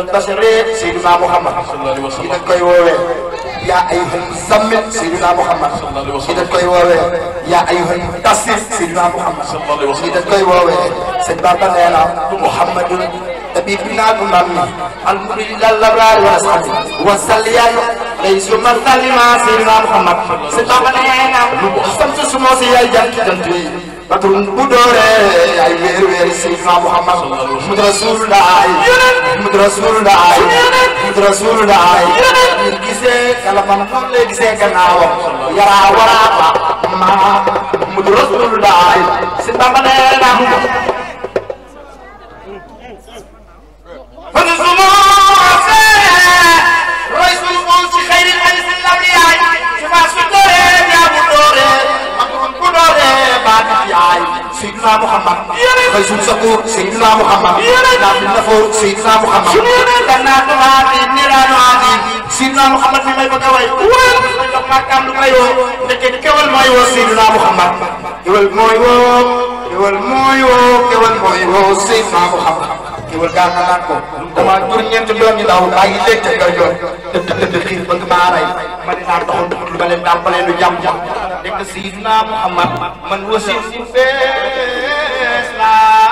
albasar Seydina Muhammad ñi dañ koy woowee yaa ayyuhal muzammil Seydina Muhammad ñi dañ koy woowee yaa ayyuhal mudassir Seydina Muhammad ñi dañ koy woowee sëñ Bamba nee na Muhammadun tabibunaa bu mam mi almuri lal labraar wa ashabi wa salliyayu day suma sallima Seydina Muhammad sëñ Bamba nee na lu ko sant su moo si yaay jant jant batum bu dooree ay weer weer Seydina Muhammad Muhammad Rasulullah Muhammad Rasulullah Muhammad Rasulullah ñu gisee kala man fan lay gisee gannaawam yaraa waraa ba ma Muhammad Rasulullah si Bamba nee na Seydina Muhammad Faysul Sakuur Seydina Muhammad Naafi Nafoor Seydina Muhammad Jannaatu Maadi Niiraanu Aadi Seydina Muhammad mi may bëgg a way jox màkkaam du may woo ndeke kewal mooy woo Seydina Muhammad kewal mooy woo kewal mooy woo kewal mooy woo Seydina Muhammad jiwal gaal nga naan ko dama jur ñeenti doom ñu daaw bàyyi denc nga yor dëgg dëgg xiir bëgg maa rey ma dinaa doxal dugg lu ma leen dàmpalee lu jàmm nekk Seydina Muhammad man wasi fees laa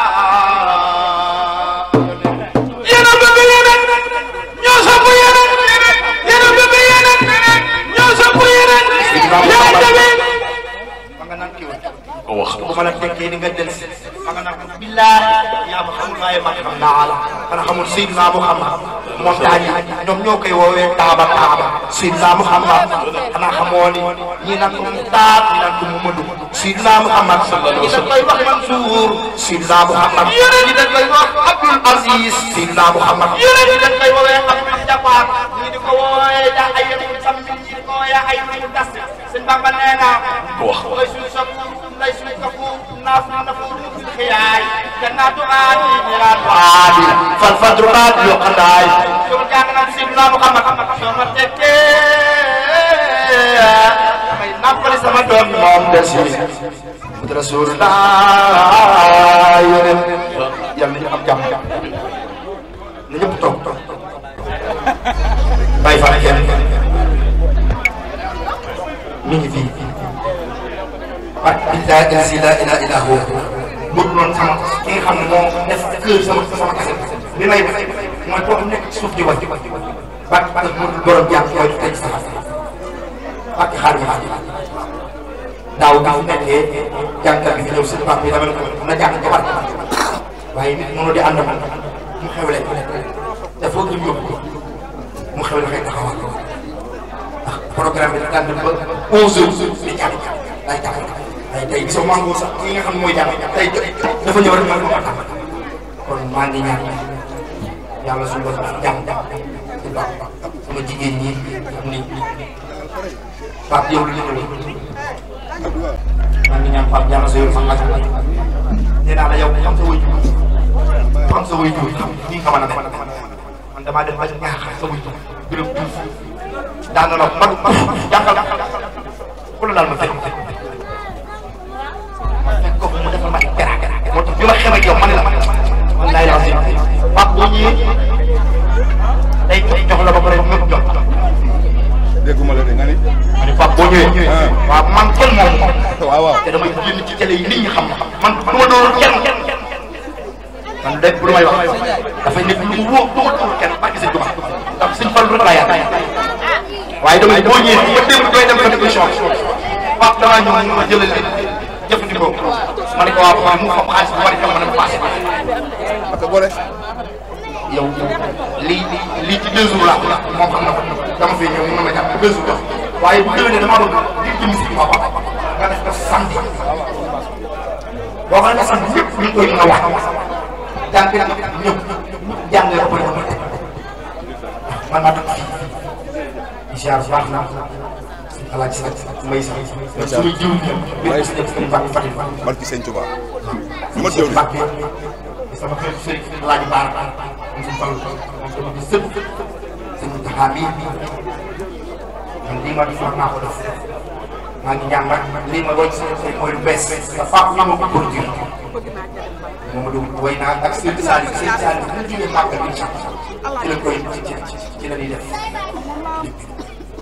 ma la fekkee di nga del si ma nga naan ko billaah yaa ma xamul waaye man xam naa la man xamul Seydina Muhammad montagne yi ñoom ñoo koy woowee taaba taaba Seydina Muhammad xanaa xamoo ni ñii naan ko mu taab ñii naan ko mu mëdu Seydina Muhammad ñii dañ koy wax Mansour Seydina Muhammad ñii dañ koy wax Abdul Aziz Seydina Muhammad ñii dañ koy woowee Abdul Jabbar ñii di ko woowee daa ay yëngu sam ñii di ko woowee ay yëngu das sëñ Bamba nee naa ko wax lay suñu soppu lay suñu kafu naaf na nafu fi xiyaay jannatu aadi miraatu aadi fal fadru aadi yoqandaay sama jàng naa si naa Muhammad sama tekkee damay nàppali sama doom moom de si Rasulullah yéen yàlla ñu am jàmm na ñëpp toog toog bàyyi fa kenn mi ngi fii ak billahi lazi la ilaha illa huwa bëgg noonu sama ki nga xam ne moo def kër sama sama kese li may def mooy koo nekk ci suuf di wàcc bàq bàq mënul borom jàpp yooyu tey ci sama bàq xaar nga xaar daaw daaw nekkee jànkat bi fi ñëw seen papa yi dama ne na jàng jabar waaye nit mënoo di ànd mu xewle te foo gën yóbbu mu xewle xëy taxawal programme bi dafa daan dem ba 11 heures di jàpp day jàpp day tey gisoo mango sax ki nga xam mooy jàpp tey dafa ñëw rek ma ko tax kon maa ngi ñaan yàlla suñu borom jàmm bu baax sama jigéen ñi am nañ Pape yow lu maa ngi ñaan Pape yàlla sa yoon sax laaj nee naa la yow am sa wuyu am sa wuyu xam ni nga mën a def man damaa dem ba ñaax sa wuyu gërëm daan na la mag jàngal ku la daal ma fekk ma fekk ko mu defal ma gera gera moo tax bi ma xamee ak yow ma ne la wallaay la si pap bu ñëwee day jox la ba pare ñëpp jox dégguma la de nga ni ma ne pap boo ñëwee ah. waaw man kenn moom waaw waaw te damay génn ci télé yi nit ñi xam man du ma doon kenn man lépp lu may wax dafay nekk lu mu wóor waaye damay boo ñëwee ba démb doy dem ba déglu changé Pape damaa ñëw ñu ma jëlal leen jëfandikoo ma ne ko waaw waaw mu xam xaalis bu bari tam ma dem passé parce que boo def yow lii lii ci deux jours la moom xam na ko dama fee ñëw mën na ma jàpp deux jours waaye bu déwénee dama doon di jënd si ma wax nga def ko sant boo xam ne sant ñëpp ñu koy mën a wax jàng ñëpp jàng nga ko man ma dëkk ziar baax na alaaj si may si may suñu jiw may si ñëpp suñu bàq Fatick. barki sëñ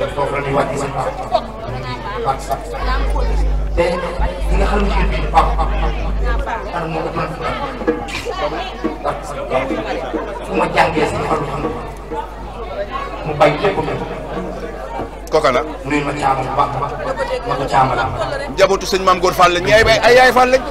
kon foofu la ñuy wàcc seen baax baax ko doon baax ma jàngee mu bàyyi ma caama bu baax ma maam góor Fall lañ ñi ay yaay Fall lañ